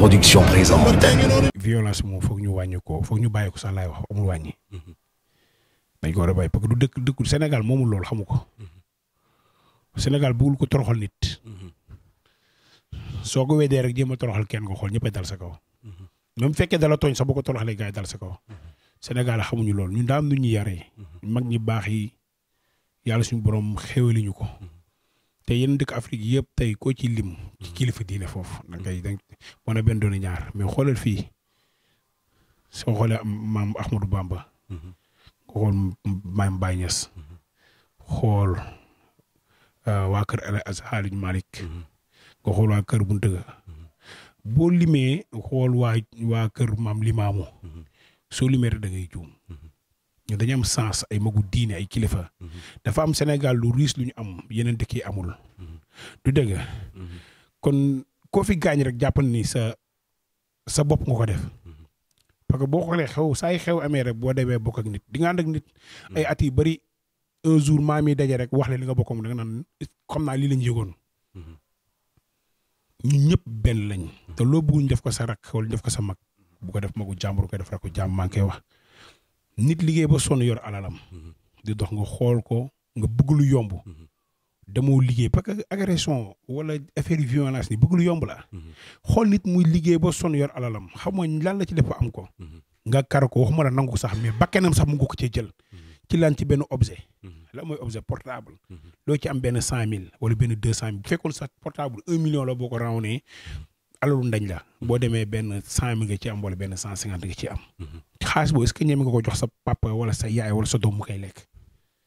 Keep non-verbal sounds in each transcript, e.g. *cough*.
production présente. violence moom foog ñu wàññi ko foog ñu bàyyi ko sa laay wax amul wàññi. Mhm. dañ ko war a bàyyi parce que du dëkk dëkkul Sénégal moomul loolu xamu ko. Mhm. Sénégal bëggul ko toroxal nit. Mhm. soo ko dee rek jéem a toroxal kenn ko xool ñëppay dal sa kaw. même fekkee dala tooñ sax boo ko toroxalee gars yi dal sa kaw. Sénégal xamuñu loolu ñu daa am nu ñuy yaree. mag ñi baax yi yàlla suñu borom xéwali ko. te yenn dëkk Afrique yëpp tey koo ci lim ci kilifa diine foofu da ngay a benn doon ñaar mais xoolal fii soo xoolee maam Ahmadou Bamba. nga mhm. xool maam Baye mhm. xool euh, waa kër El Hadj mhm. kër Buntaga. boo limee xool waa kër maam Limaamu. soo limee rek da juum. ñu dañu am sens ay magu diine ay kilifa. Mhm. dafa am Sénégal lu riis lu ñu am yeneen dëkk yi amul. Mhm. du dëgg. Mhm. kon koo fi gaañ rek jàppal nii sa sa bopp nga ko def. parce que boo xoolee xew saa yi xew amee rek boo demee bokk ak nit di nga ànd ak nit. ay at yu bëri un jour maam yi daje rek wax la li nga bokkam da nga naan xam naa lii lañ yëgoon. ñun ñëpp benn lañ. te loo bëgg ñu def ko sa rak wala ñu def ko sa mag. bu ko def magu jàmbur ko def rek ko jàmm maa ngi koy wax. nit liggéey ba sonn yor alalam. Mhm. di dox nga xool ko nga bëgg lu yomb. Mhm. damoo liggéey parce que wala affaire violence ni yomb la. Mhm. xool nit muy liggéey ba sonn yor alalam xam lan la ci def ba am ko. nga kar ko waxuma la nangu sax mais nam sax mu ngi ko cee jël. ci lan ci benn objet. la mooy objet portable. loo ci am benn cent mille wala benn deux cent mille bu fekkoon sax portable un million la boo ko raw nee alalu ndañ la boo demee benn cent mi nga ci am wala benn cent cinquante nga ci am. Mhm. xaalis boobu est-ce que ñeme nga ko jox sa papa wala sa yaay wala sa doom mu koy lekk.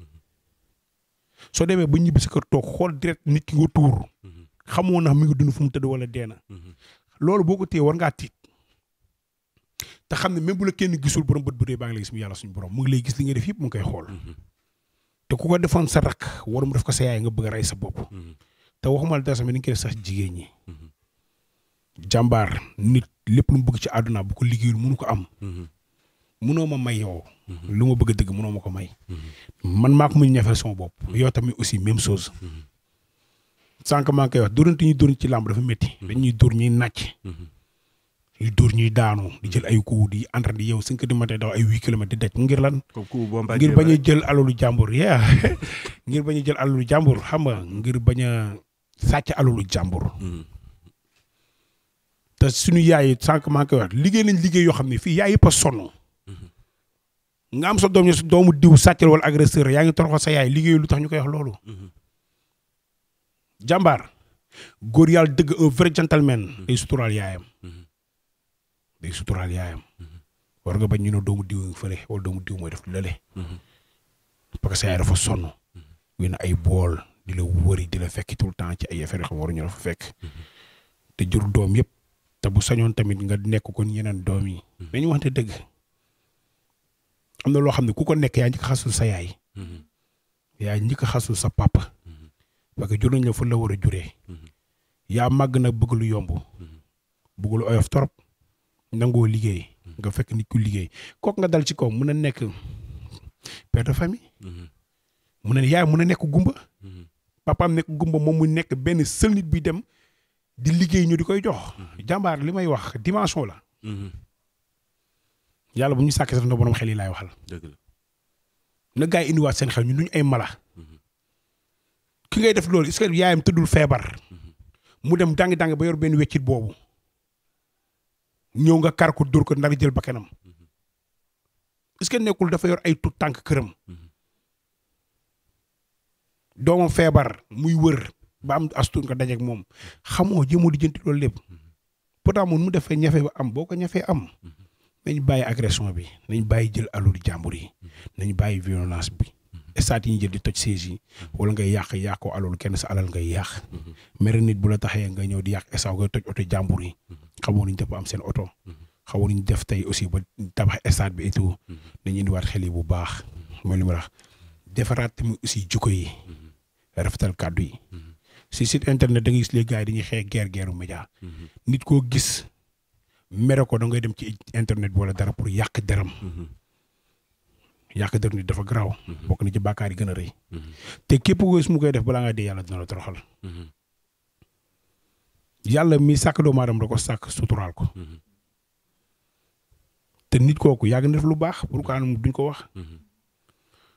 Mhm. soo demee ba ñibbi sa kër toog xool direct nit ki nga tuur. Mhm. xamoo na mi ngi dund fu mu tëdd wala dee na. loolu boo ko téye war ngaa tiit. te xam ne même bu la kenn gisul borom bët bu dee baa ngi lay gis mu yàlla suñu borom mu ngi lay gis li nga def yëpp mu ngi koy xool. te ku ko defoon sa rakk war mu def ko sa yaay nga bëgg a rey sa bopp. te waxuma la dara sax ni nga koy sax jigéen ñi. jàmbaar nit lépp lu mu bëgg ci àdduna bu ko liggéeyul mënu ko am. mënoo mhm. ma may yow. Mhm. lu ma bëgg a dëgg mënoo ma ko may. Mhm. man maa ko muy ñafe sama bopp. yow tamit aussi même chose. sànq maa ngi koy wax dóorante ñuy dóor ci làmb dafa métti. dañuy dóor ñuy nàcc. ñuy dóor ñuy daanu. di jël ay coup di entraîné di yow cinq heures du matin daw ay huit kilomètres di daj ngir lan. ngir bañ a jël alalu jàmbur yaa *laughs* ngir bañ a jël alalu jàmbur xam nga ngir bañ a sàcc alalu jàmbur. te suñu yaay yi sànq maa ngi liggéey nañ liggéey yoo xam ne fii yaay yëpp a sonn mm-hmm. nga am sa doom ñu doomu diw sàccal wala agresseur yaa ngi toroxal sa yaay lu tax ñu koy wax loolu. Mm-hmm. jàmbaar góor yàlla dëgg un vrai gentleman. Mm-hmm. day suturaal yaayam. day suturaal yaayam. war nga bañ ñu ne doomu diw ngi fële wala doomu diw mooy def lële. parce que sa yaay dafa sonn. ay bool di la wëri di la fekk tout le temps ci ay affaire yoo xam waruñu la fekk. te jur doom yëpp te bu sañoon tamit nga nekk kon yeneen doom yi. Mm-hmm. mais ñu waxante dëgg am na loo xam ne ku ko nekk yaa njëkk xasul sa yaay. Mm-hmm. yaa njëkk xasul sa papa. Mm-hmm. parce jur nañ la fu la war a juree. yaa màgg na bëgg lu yomb. bëgg lu oyof torop nangoo liggéey. nga fekk nit ku liggéey kook nga dal ci kaw mun a nekk père de famille. mun a yaay mun a nekk gumba. papaam nekk gumba moom mu nekk benn seul nit bi dem. di liggéey ñu di koy jox. jàmbaar li may wax dimension la. Mhm. yàlla bu ñu sàkkee sax na borom xel yi laay waxal. la na gaa yi indiwaat seen xel ñu duñ ay mala. Mhm. ki ngay def loolu est-ce que yaayam tëddul feebar. Mhm. mu dem dàng dàng ba yor benn weccit boobu. ñëw nga kar ko dóor ko ndar jël bakkanam est-ce que nekkul dafa yor ay tut tànk këram. doomam feebar muy wër. ba am astuur nga dajeeg moom xamoo jëmoo di jënti loolu lépp tax moom mu def defee ñafe ba am boo ko ñafee am nañ bàyyi agression bi nañ bàyyi jël alul jàmbur yi nañ bàyyi violence bi estaat yi ñu jël di toj siège yi wala ngay yàq yàqoo alul kenn sa alal ngay yàq mere nit bu la taxee nga ñëw di yàq estaat ngay toj oto jàmbur yi xamoo nañ dafa am seen oto xamoo ñu def tey aussi ba tabax estaat bi et tout nañ indiwaat xel yi bu baax mooy li ma wax defaraat tamit aussi jikko yi rafetal kàddu yi si site internet da ngay gis les gars yi dañuy xeex guerre guerre média mhm. nit koo gis mere ko da ngay dem ci internet bi wala dara pour yàq deram mhm. yàq der nit dafa garaaw mhm. bokk na ci bàkkaar yi gën a rëy te képp ko gis mu koy def balaa nga dee yàlla dina la yàlla mi sàkk doomu aadama da ko sàkk suturaal ko te nit kooku yàgg na def lu baax pour ko anam duñ ko wax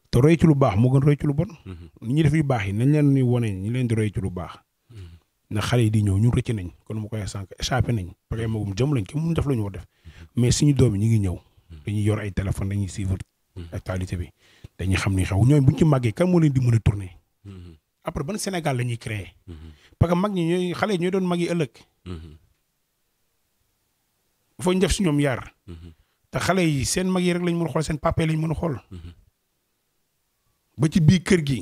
te roy ci lu baax moo gën roy ci lu bon. Mhm. ni ñuy def yu baax yi nañ leen di wane ñu leen di roy ci lu baax. Mhm. na xale yi di ñëw ñun rëcc nañ kon mu koy sànq échappé nañ parce que magum jëm lañ kenn def la ñu war def mhm. mais suñu doom yi ñu ngi ñëw dañuy yor ay téléphone dañuy suivre actualité bi dañuy xam ni xew ñoom bu ñu ci màggee kan moo di mën a tourner après ban Sénégal la ñuy créer parce que mag ñi ñooy xale yi ñooy doon mag yi ëllëg foo ñu def si ñoom yar te xale yi seen mag yi rek lañ mën a xool seen papa lañ mën a xool ba ci bii kër gi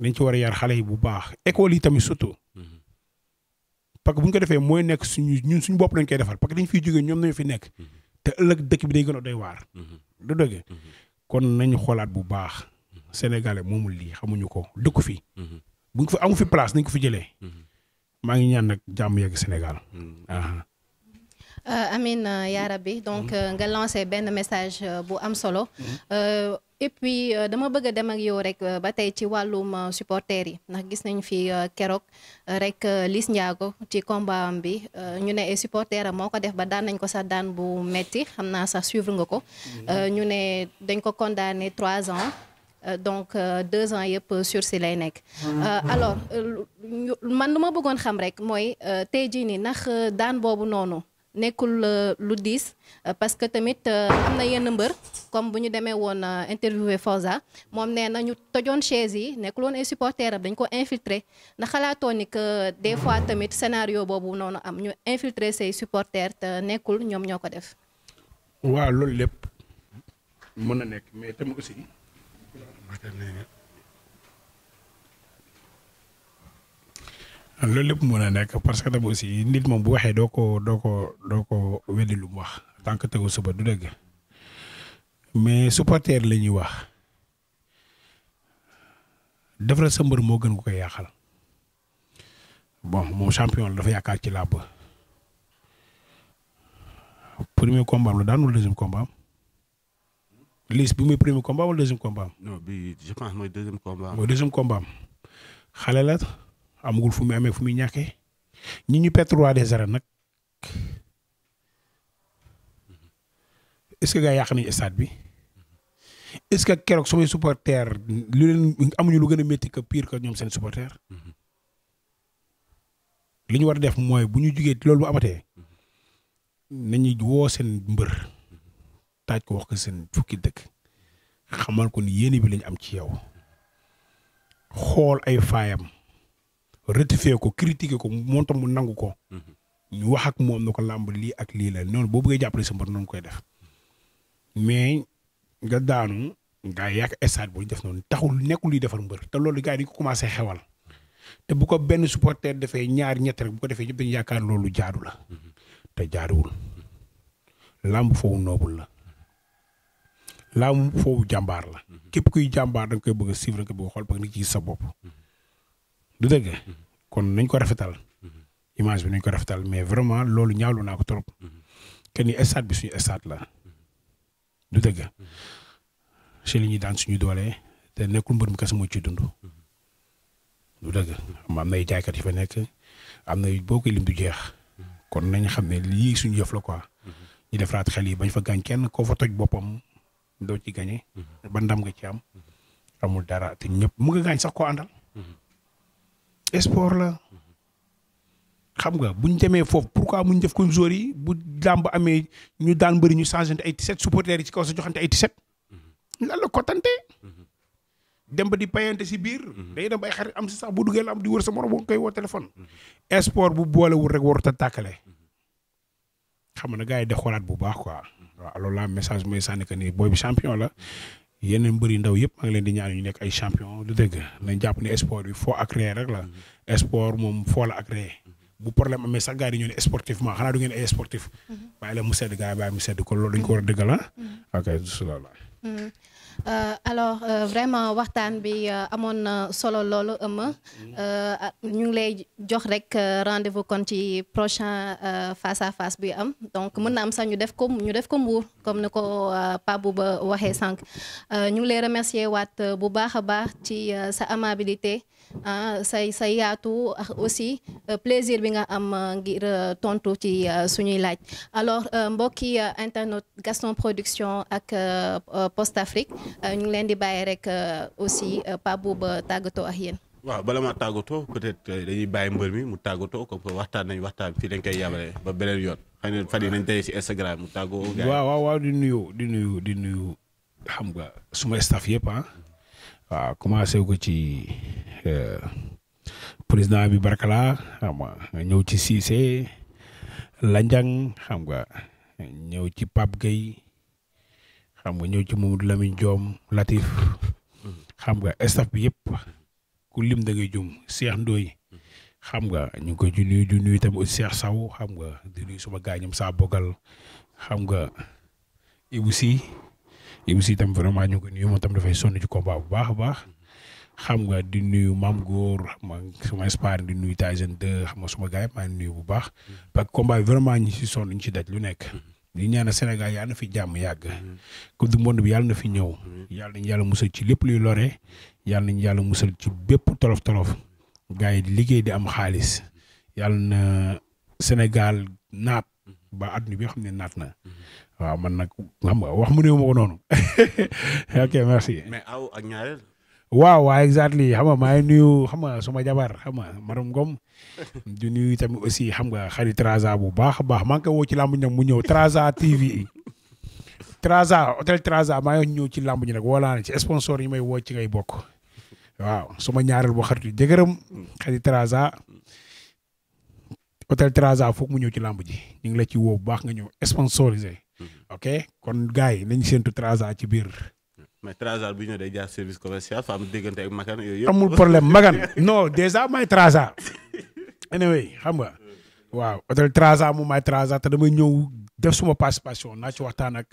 dañ ci war a yar xale yi bu baax école yi tamit surtout parce que bu ñu ko defee mooy nekk suñu ñun suñu bopp lañ koy defal parce que dañ fiy jógee ñoom nañu fi nekk te ëllëg dëkk bi day gën a doy waar. du dëgg kon nañu xoolaat bu baax sénégalais moomul lii xamuñu ko dëkku fi. bu ñu ko fi amu fi place nañ ko fi jëlee. maa ngi ñaan nag jàmm yegg Sénégal. Euh, amiin euh, yaa rabbi donc mm-hmm. euh, nga lancé benn message bu am solo. Mm-hmm. et puis euh, dama bëgg a dem ak yow rek euh, ba tey ci wàllum euh, supporters yi ndax gis nañ fi keroog rek Liss Ndiago ci combat am bi ñu ne ay supporters am moo ko def ba daan nañ ko sax daan bu metti xam naa sax suivre nga ko. Mhm. ñu ne dañ ko condamné trois ans. donc deux ans yëpp sursis lay nekk. Mhm. alors man lu ma bëggoon xam rek mooy tey jii nii ndax daan boobu noonu. nekkul euh, lu diis euh, parce que tamit euh, am na yenn mbër comme bu ñu demee woon interviewé Forza moom nee na ñu tojoon chaise yi nekkul woon ay supporters dañ ko infiltrer na xalaatoon ni que des fois tamit scénario boobu noonu am ñu infiltrer say supporters te nekkul ñoom ñoo ko def. waaw loolu lépp loolu lépp mën a nekk parce que tam aussi nit moom bu waxee doo ko doo ko doo ko weddi lu mu wax tant que tegu suba du dëgg mais supporter la ñuy wax defaral sa mbër moo gën ko koy yàqal bon moom champion la dafa yaakaar ci làbb premier combat am la daan wala deuxième combat am Liss bi muy premier combat wala deuxième combat bi je pense mooy deuxième combat am. xale la. amagul fu muy fu muy ñàkkee ñu perte roi des arènes nag est-ce que gaa yàq bi est-ce que keroog samay supporter lu lu gën a métti que pire que ñoom seen supporter li ñu war a def mooy bu ñu jugee loolu bu amatee nañu woo seen mbër taaj ko wax ko seen fukki dëkk xamal ko ni yéene bi lañ am ci yow xool ay faayam. rectifier ko critiquer ko moom tam mu nangu ko. Mhm. ñu wax ak moom na ko làmb lii ak lii la noonu boo bëggee jàppale sa mbër noonu koy def mais nga daanu nga yàq stade bu ñu def noonu taxul nekkul luy defar mbër te loolu gars yi ko commencé xewal te bu ko benn supporter defee ñaar ñett rek bu ko defee ñëpp dañu yaakaar loolu jaadu la mhm. te jaaduwul làmb foofu noobul la làmb foofu jàmbaar la mhm. képp kuy jàmbaar da nga koy bëgg a suivre da nga xool parce que ci sa bopp du dëgg kon nañ ko rafetal image bi nañ ko rafetal mais vraiment loolu ñaawlu naa ko trop que ni stade bi suñu stade la du dëgg ci li ñuy daan suñu doolee te nekkul mbër mu kese moo ci dund. du dëgg am nay jaaykat yi fa nekk am na boo koy lim du jeex kon nañ xam ne lii suñu yëf la quoi ñu defaraat xel yi bañ fa gaañ kenn koo fa toj boppam doo ci gañe ba ndam nga ci am amul dara te ñëpp mu nga gaañ sax koo àndal. sport la xam nga bu ñu demee foofu pourquoi mu ñu def ko joueur yi bu làmb amee ñu daan bëri ñu changé ay tiset supporters yi ci kaw sa joxante ay tiset mhm. lan la kottante mhm. dem ba di payante si biir. Mhm. day dem ay xarit am si sax bu duggee la am di wër sa morom boo koy woo téléphone. sport bu boolewul rek warut a tàkkale. xam nga gars yi de xoolaat bu baax quoi. waaw loolu laa message mooy sànni que ni booy champion la yeneen mbëri ndaw yëpp maa ngi leen di ñaan ñu nekk ay champion du dëgg nañ jàpp ne sport bi foo ak ree rek la mm-hmm. sport moom foo ak ree mm-hmm. bu problème amee sax gars yi ñu ne sportivement xanaa du ngeen ay sportif mm-hmm. bàyyi la mu sedd gars yi bàyyi mu sedd kon loolu dañ ko war a dëgg la ah. ok Mm. Euh, alors euh, vraiment waxtaan bi euh, amoon na solo loolu ëmma ah, ñu ngi lay jox rek rendez-vous kon ci prochain face à face bi am donc mën na am sax ñu def ko ñu def ko mbuur comme ni ko Pape ba waxee sànq ñu ngi lay remercier waat bu baax a baax ci sa amabilité ah say say yaatu ah, ak ah, aussi euh, plaisir bi nga am ah, ngir euh, tontu ci suñuy laaj alors euh, mbokki internet Gaston Production ak Post Afrique ñu leen di bàyyi rek aussi Pape ba tàggatoo ak yéen. waaw bala ma tàggatoo peut-être dañuy bàyyi mbër mi mu tàggatoo comme waxtaan nañ waxtaan fii dañ koy yabale ba beneen yoon xëy na fan nañ tey si mu tàggoo. waaw waaw di nuyu di nuyu di nuyu xam nga suma staff yëpp ah. waaw commencé ko ci euh, président bi Barkala xam nga ñëw ci Cissé Lanjang xam nga ñëw ci Pape gay xam nga ñëw ci Mamadou Lamine joom Latif xam nga staff bi yëpp ku lim da ngay jum Cheikh Ndoye xam nga ñu ngi koy ju nuyu ju nuyu tamit aussi Saw xam nga di nuyu suma gaañam saa bogal xam nga Ibou Sy et aussi tam vraiment ñu ngi ko nuyu moom tam dafay sonn ci combat bu baax a baax xam nga di nuyu maam góor xam nga suma spar di nuyu Tyson 2 xam nga suma gars yëpp maa ngi nuyu bu baax parce que combat bi vraiment ñi si ñu si daj lu nekk li ñaanal Sénégal yàlla na fi jàmm yàgg coupe du monde yàlla na fi ñëw yàlla nañu yàlla musal ci lépp luy lore yàlla nañu yàlla musal ci bépp tolof tolof gars yi liggéey di am xaalis yàlla na Sénégal naat ba adduna bi xam ne naat na waaw man nag xam nga wax mu néew ma noonu *laughs* ok merci. mais aw ak ñaareel. waaw waaw exactly xam nga maa ngi nuyu xam nga suma jabar xam nga maram Ngom di nuyu tamit aussi xam nga xarit Traza bu baax a baax maa ngi koy woo ci làmb mu ñëw Traza TV. *laughs* Traza hôtel Traza maa ngi ñëw ci làmb ñi nag wala na ci sponsor yi may woo ci ngay bokk waaw suma ñaareel bu xaritu jëgëram xarit Traza hôtel Traza foog mu ñëw ci làmb ji ñu ngi la ci woo bu baax nga ñëw sponsorisé. Mhm. ok kon gars yi nañ séntu Traza ci biir. mais Traza bu ñu day jaar service commercial fa am déggante Makan yooyu yëpp. amul problème Makan non dèjà may Traza. anyway xam nga. waaw hôtel Traza mu may Traza te damay ñëw def suma participation naa ci waxtaan ak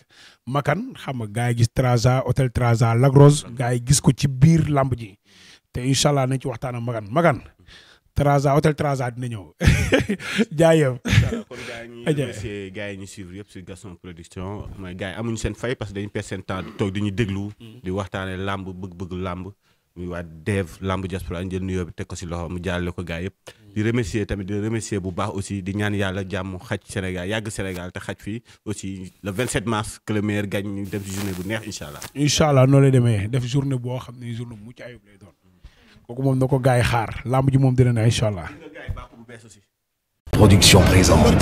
Makan xam nga gars yi gis Traza hôtel Traza lagros Rose. gars yi gis ko ci biir lamb ji. te incha nañ ci waxtaan ak Makan Makan. Traza hôtel Traza dina ñëw *laughs* jaayëf aja remercier yëpp si Gaston amuñu seen fay parce que dañu perdre seen temps toog di ñu déglu. Mm. di waxtaanee làmb bëgg-bëgg làmb. Lamb Diaspora njël nuyoo bi teg ko si loxo mu jaarale ko gars yëpp. Mm. di remercier tamit di remercier bu baax aussi di ñaan yàlla jàmm xaj Sénégal yàgg Sénégal te xaj fi aussi le 27 mars que le meilleur gagne ñu dem si journée bu neex incha allah. incha allah noo lay demee def journée boo xam ne journée bu mucc ayib lay doon. kooku moom na ko gars yi xaar lamb ji moom dina ne incha allah. production présente.